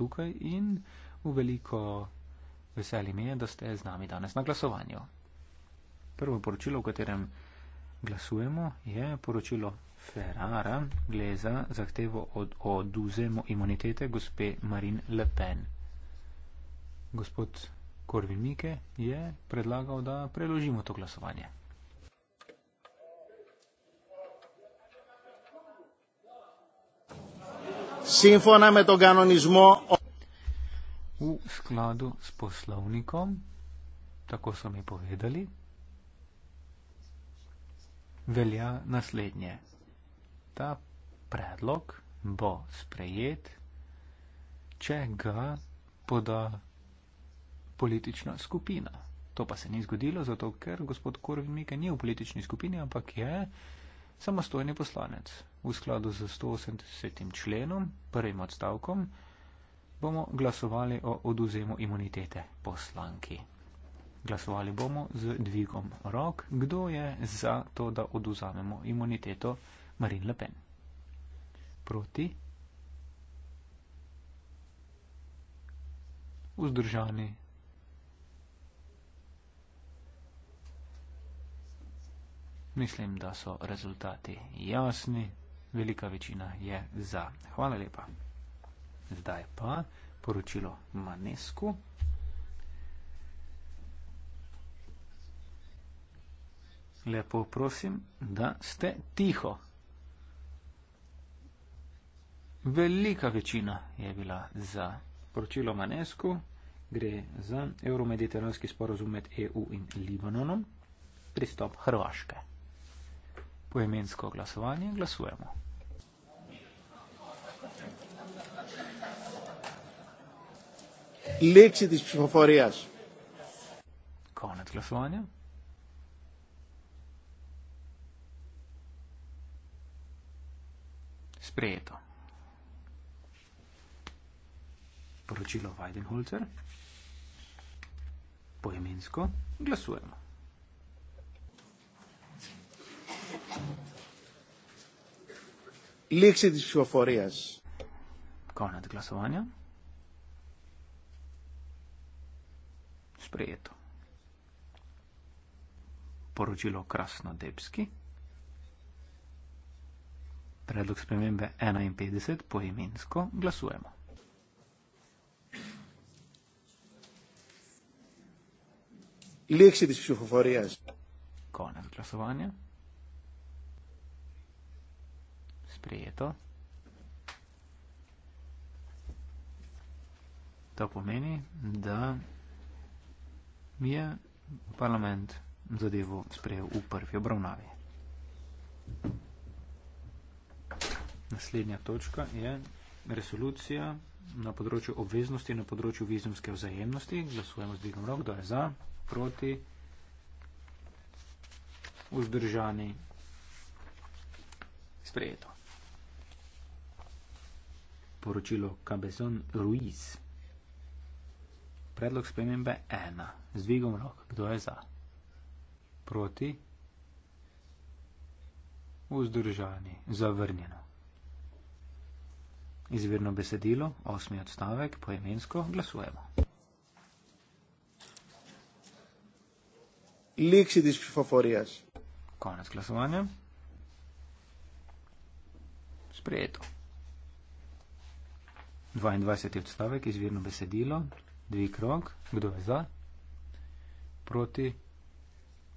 tukaj in v veliko veselje mi je, da ste z nami danes na glasovanju. Prvo poročilo, o katerem glasujemo, je poročilo Ferrara Gleza zahtevo od oduzemo imunitete gospe Marin Le Pen. Gospod Korvin Mike je predlagal, da preložimo to glasovanje. sinfona med oganonizmo. V skladu s poslovnikom, tako so mi povedali, velja naslednje. Ta predlog bo sprejet, če ga poda politična skupina. To pa se ni zgodilo, zato ker gospod Korvin Mike ni v politični skupini, ampak je samostojni poslanec v skladu z 180. členom, prvim odstavkom, bomo glasovali o oduzemu imunitete poslanki. Glasovali bomo z dvigom rok, kdo je za to, da oduzamemo imuniteto Marine Le Pen. Proti? Vzdržani? Mislim, da so rezultati jasni velika večina je za. Hvala lepa. Zdaj pa poročilo Manesku. Lepo prosim, da ste tiho. Velika večina je bila za poročilo Manesku. Gre za euromediteranski sporozum med EU in Libanonom. Pristop Hrvaške. Poemensko glasovanje glasujemo. lečiti iz psihofobije. Konec glasovanja. Sprejeto. Poročilo Vajdenholzer. Poimensko glasujemo. Lexi disciforias. Konec glasovanja. sprejeto. Poročilo Krasno-Debski. Predlog spremembe 51 poimensko glasujemo. Konec glasovanja. Sprejeto. To pomeni, da je parlament zadevo sprejel v prvi obravnavi. Naslednja točka je resolucija na področju obveznosti in na področju vizumske vzajemnosti. Glasujemo z dvigom rok, kdo je za, proti, vzdržani, sprejeto. Poročilo Cabezon Ruiz predlog spremembe ena. Zvigom rok, kdo je za? Proti? Vzdržani, zavrnjeno. Izvirno besedilo, osmi odstavek, poemensko glasujemo. Lik si diš favorijas. Konec glasovanja. Sprejeto. 22. odstavek, izvirno besedilo, dvig rok, kdo je za, proti,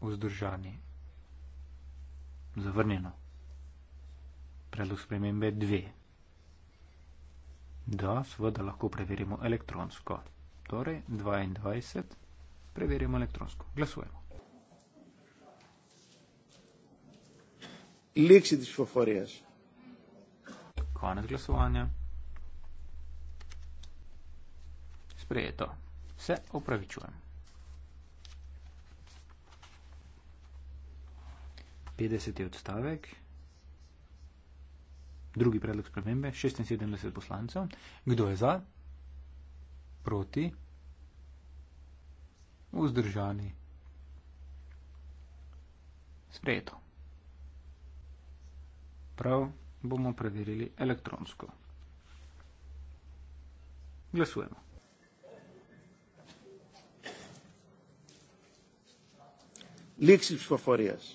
vzdržani, zavrnjeno. Predlog spremembe dve. Da, seveda lahko preverimo elektronsko. Torej, 22, preverimo elektronsko. Glasujemo. Lekši disfoforijaš. Konec glasovanja. sprejeto. Vse opravičujem. 50. odstavek. Drugi predlog spremembe. 76 poslancev. Kdo je za? Proti? Vzdržani? Sprejeto. Prav bomo preverili elektronsko. Glasujemo. Leksič Fafarijas.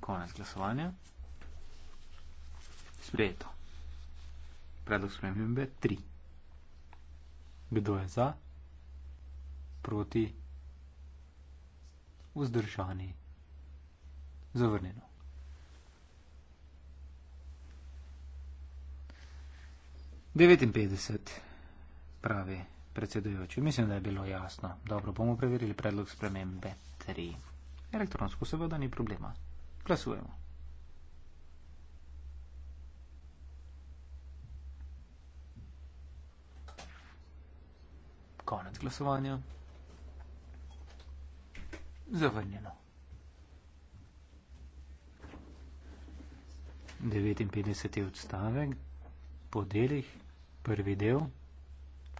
Konec glasovanja. Sprejeto. Predlog spremembe 3. Kdo je za? Proti? Vzdržani? Zavrnjeno. Devetinpetdeset pravi predsedujoči. Mislim, da je bilo jasno. Dobro, bomo preverili predlog spremembe bateriji. Elektronsko seveda ni problema. Glasujemo. Konec glasovanja. Zavrnjeno. 59. odstavek. Po delih. Prvi del.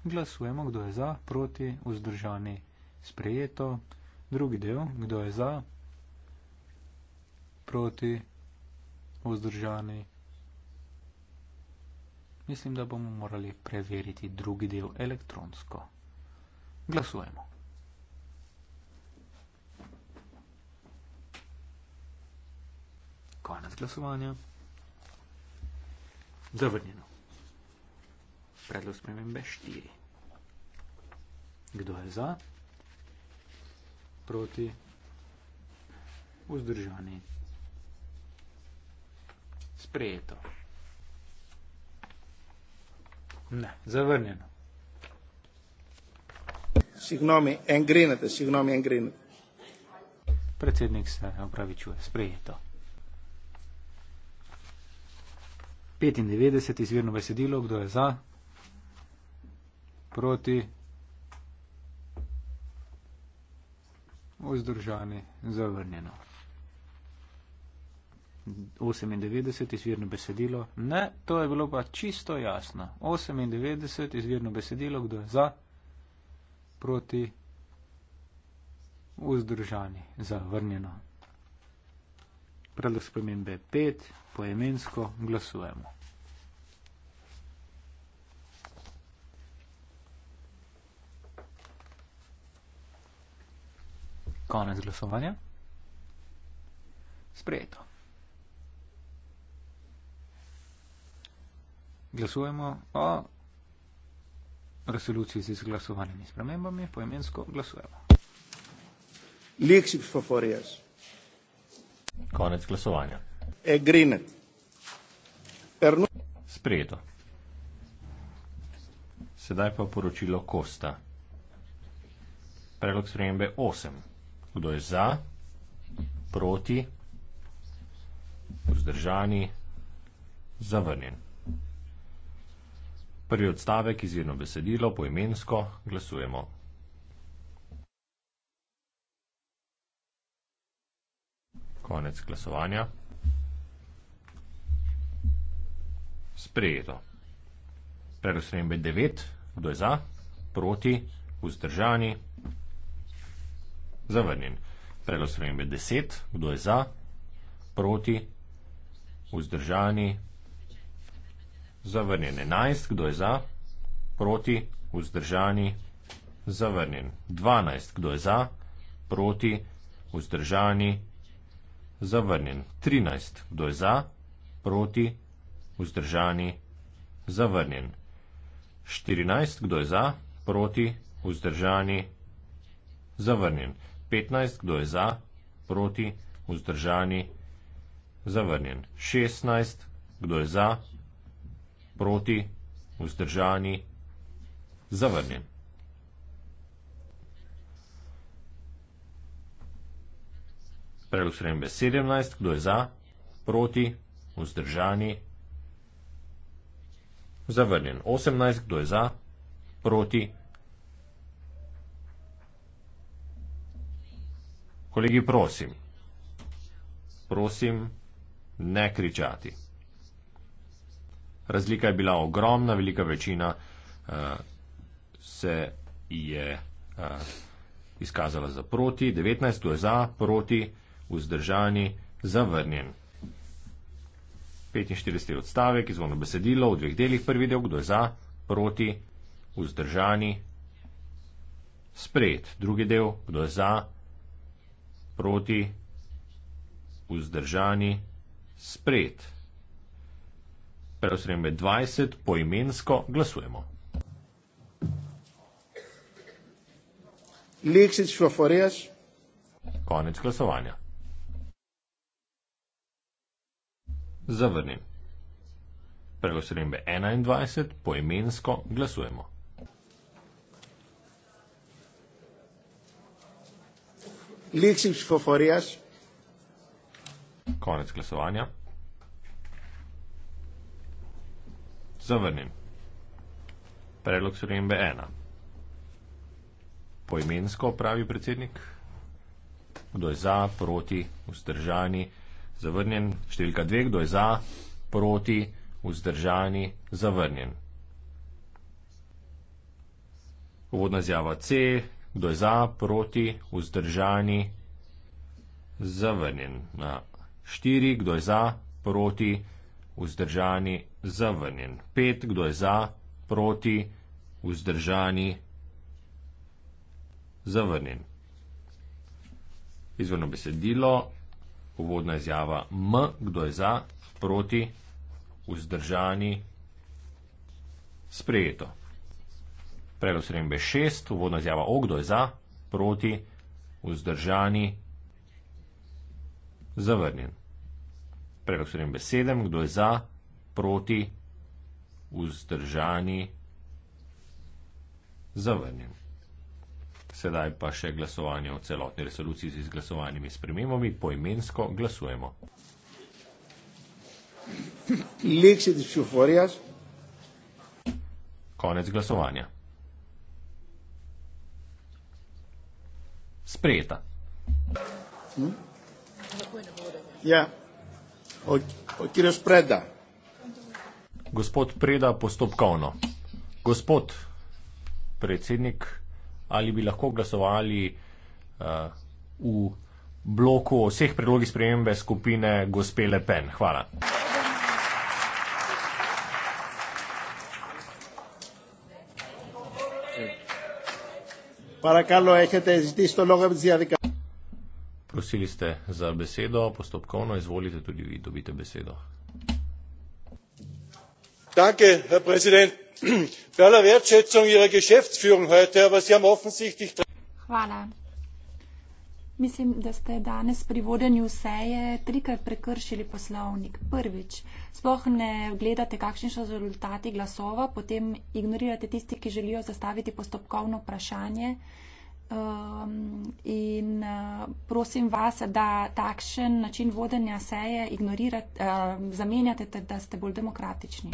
Glasujemo, kdo je za, proti, vzdržani, sprejeto. Drugi del, kdo je za, proti, vzdržani. Mislim, da bomo morali preveriti drugi del elektronsko. Glasujemo. Konec glasovanja. Zavrnjeno. Predlog spremembe 4. Kdo je za? Kdo je za? proti vzdržani. Sprejeto. Ne, zavrnjeno. Signomi en grinete, signomi en grinete. Predsednik se opravičuje. Sprejeto. 95 izvirno besedilo, kdo je za? Proti? vzdržani, zavrnjeno. 98 izvirno besedilo, ne, to je bilo pa čisto jasno. 98 izvirno besedilo, kdo je za, proti, vzdržani, zavrnjeno. Predlog spremembe 5, poemensko glasujemo. Konec glasovanja. Sprejeto. Glasujemo o resoluciji z izglasovanimi spremembami, poimensko glasujemo. Leksik Foforijas. Konec glasovanja. Egrinet. Sprejeto. Sedaj pa poročilo Kosta. Predlog spremembe 8. Kdo je za? Proti? Vzdržani? Zavrnjen. Prvi odstavek izjemno besedilo poimensko glasujemo. Konec glasovanja. Sprejeto. Predvsem je 9, kdo je za, proti, vzdržani zavrnjen. Predlog spremembe 10, kdo je za, proti, vzdržani, zavrnjen. 11, kdo je za, proti, vzdržani, zavrnjen. 12, kdo je za, proti, vzdržani, zavrnjen. 13, kdo je za, proti, vzdržani, zavrnjen. 14, kdo je za, proti, vzdržani, zavrnjen. 15, kdo je za, proti, vzdržani, zavrnjen. 16, kdo je za, proti, vzdržani, zavrnjen. Predlog spremembe 17, kdo je za, proti, vzdržani, zavrnjen. 18, kdo je za, proti, vzdržani. Kolegi, prosim, prosim, ne kričati. Razlika je bila ogromna, velika večina uh, se je uh, izkazala za proti, 19 je za, proti, vzdržani, zavrnjen. 45. odstavek, izvorno besedilo, v dveh delih prvi del, kdo je za, proti, vzdržani, sprejet, drugi del, kdo je za, proti proti, vzdržani, spred. Preostanem 20, poimensko glasujemo. Leksič Fafarejaš. Konec glasovanja. Zavrnim. Preostanem 21, poimensko glasujemo. λήξη ψηφοφορίας. Κόνετς Κλασοβάνια. Ζαβενίν. Πρέλοξε ρίμπε ένα. Поименско прави председник. Кдо е за, проти, уздржани, завърнен. Штилка 2. Кдо е за, проти, уздржани, завърнен. Уводна зява С kdo je za, proti, vzdržani, zavrnjen. Na štiri, kdo je za, proti, vzdržani, zavrnjen. Pet, kdo je za, proti, vzdržani, zavrnjen. Izvorno besedilo, uvodna izjava M, kdo je za, proti, vzdržani, sprejeto. Predlog spremembe šest, uvodna izjava okdo je za, proti, vzdržani, zavrnjen. Predlog spremembe sedem, kdo je za, proti, vzdržani, zavrnjen. Sedaj pa še glasovanje o celotni resoluciji z izglasovanimi spremembami, poimensko glasujemo. Konec glasovanja. sprejeta. Ja, odkiraš preda. Gospod Preda, postopkovno. Gospod predsednik, ali bi lahko glasovali uh, v bloku vseh predlogi spremembe skupine gospe Le Pen? Hvala. Παρακαλώ, έχετε ζητήσει το λόγο από τι διαδικασίε. Προσήλιστε για μπεσέδο. Αποστοπκόνο, εισβόλυτε του Λιβύη, το πείτε μπεσέδο. Danke, Herr Präsident. Bei aller Wertschätzung Ihrer Geschäftsführung heute, aber Sie haben offensichtlich... Voilà. Mislim, da ste danes pri vodenju seje trikrat prekršili poslovnik. Prvič, sploh ne gledate, kakšni so rezultati glasova, potem ignorirate tisti, ki želijo zastaviti postopkovno vprašanje. Um, in uh, prosim vas, da takšen način vodenja seje ignorirate, uh, zamenjate, da ste bolj demokratični.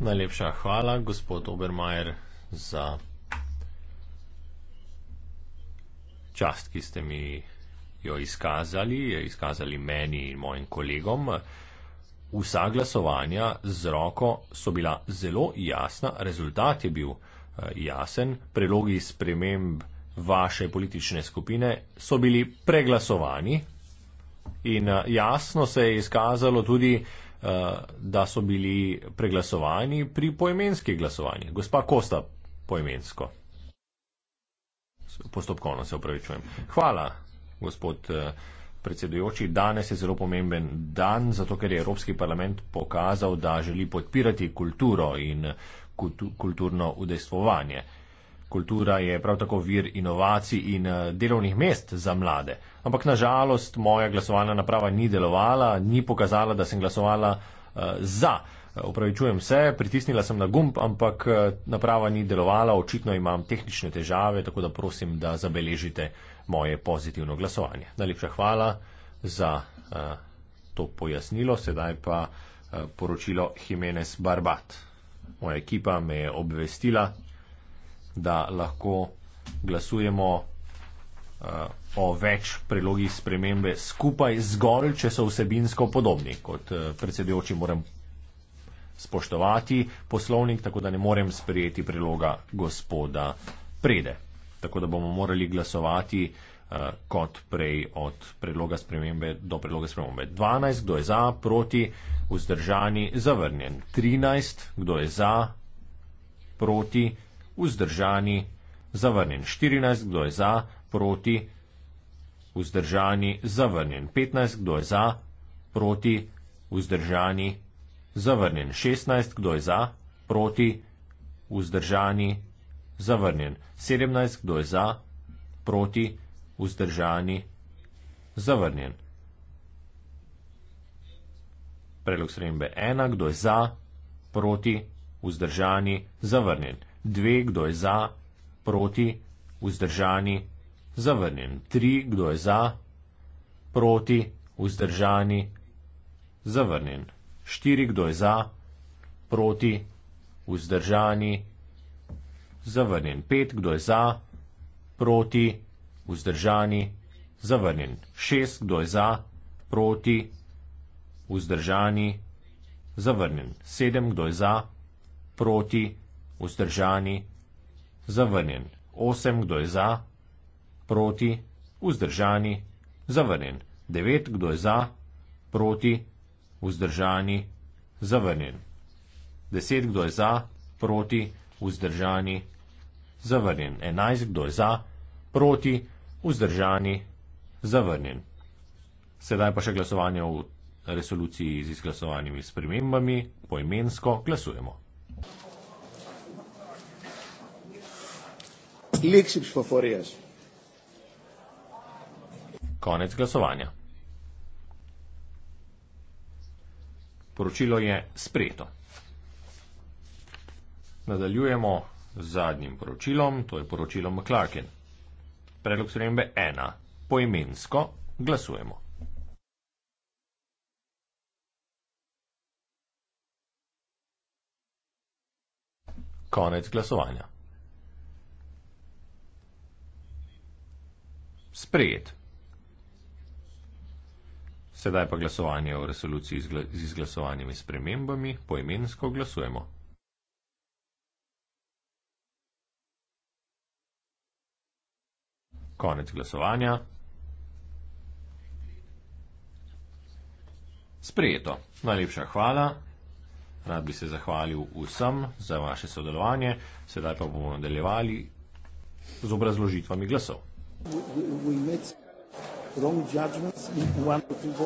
Najlepša hvala, gospod Obermajer za čast, ki ste mi jo izkazali, izkazali meni in mojim kolegom. Vsa glasovanja z roko so bila zelo jasna, rezultat je bil eh, jasen, predlogi sprememb vaše politične skupine so bili preglasovani in eh, jasno se je izkazalo tudi, eh, da so bili preglasovani pri poimenskih glasovanjih. Gospa Kosta, poimensko. Postopkovno se upravičujem. Hvala, gospod eh, predsedujoči. Danes je zelo pomemben dan, zato ker je Evropski parlament pokazal, da želi podpirati kulturo in kulturno udejstvovanje. Kultura je prav tako vir inovacij in eh, delovnih mest za mlade. Ampak nažalost moja glasovalna naprava ni delovala, ni pokazala, da sem glasovala uh, za. Opravičujem se, pritisnila sem na gumb, ampak eh, naprava ni delovala, očitno imam tehnične težave, tako da prosim, da zabeležite moje pozitivno glasovanje. Najlepša hvala za uh, to pojasnilo, sedaj pa uh, poročilo Jimenez Barbat. Moja ekipa me je obvestila, da lahko glasujemo uh, o več prilogih spremembe skupaj zgolj, če so vsebinsko podobni. Kot uh, predsedujoči moram spoštovati poslovnik, tako da ne morem sprejeti priloga gospoda Prede. Tako da bomo morali glasovati eh, kot prej od predloga spremembe do predloga spremembe. 12, kdo je za, proti, vzdržani, zavrnjen. 13, kdo je za, proti, vzdržani, zavrnjen. 14, kdo je za, proti, vzdržani, zavrnjen. 15, kdo je za, proti, vzdržani, zavrnjen zavrnjen. 16, kdo je za, proti, vzdržani, zavrnjen. 17, kdo je za, proti, vzdržani, zavrnjen. Predlog sprejembe 1, kdo je za, proti, vzdržani, zavrnjen. 2, kdo je za, proti, vzdržani, zavrnjen. 3, kdo je za, proti, vzdržani, zavrnjen štiri kdo je za, proti, vzdržani, zavrnjen pet kdo je za, proti, vzdržani, zavrnjen šest kdo je za, proti, vzdržani, zavrnjen sedem kdo je za, proti, vzdržani, zavrnjen osem kdo je za, proti, vzdržani, zavrnjen devet kdo je za, proti, vzdržani, vzdržani, zavrnjen. Deset, kdo je za, proti, vzdržani, zavrnjen. Enajst, kdo je za, proti, vzdržani, zavrnjen. Sedaj pa še glasovanje v resoluciji z izglasovanimi spremembami, poimensko glasujemo. Konec glasovanja. Poročilo je sprejeto. Nadaljujemo z zadnjim poročilom, to je poročilo McClarken. Predlog spremembe 1. Poimensko glasujemo. Konec glasovanja. Sprejet. Sedaj pa glasovanje o resoluciji z izglasovanimi spremembami poimensko glasujemo. Konec glasovanja. Sprejeto. Najlepša hvala. Rad bi se zahvalil vsem za vaše sodelovanje. Sedaj pa bomo nadaljevali z obrazložitvami glasov. We, we, we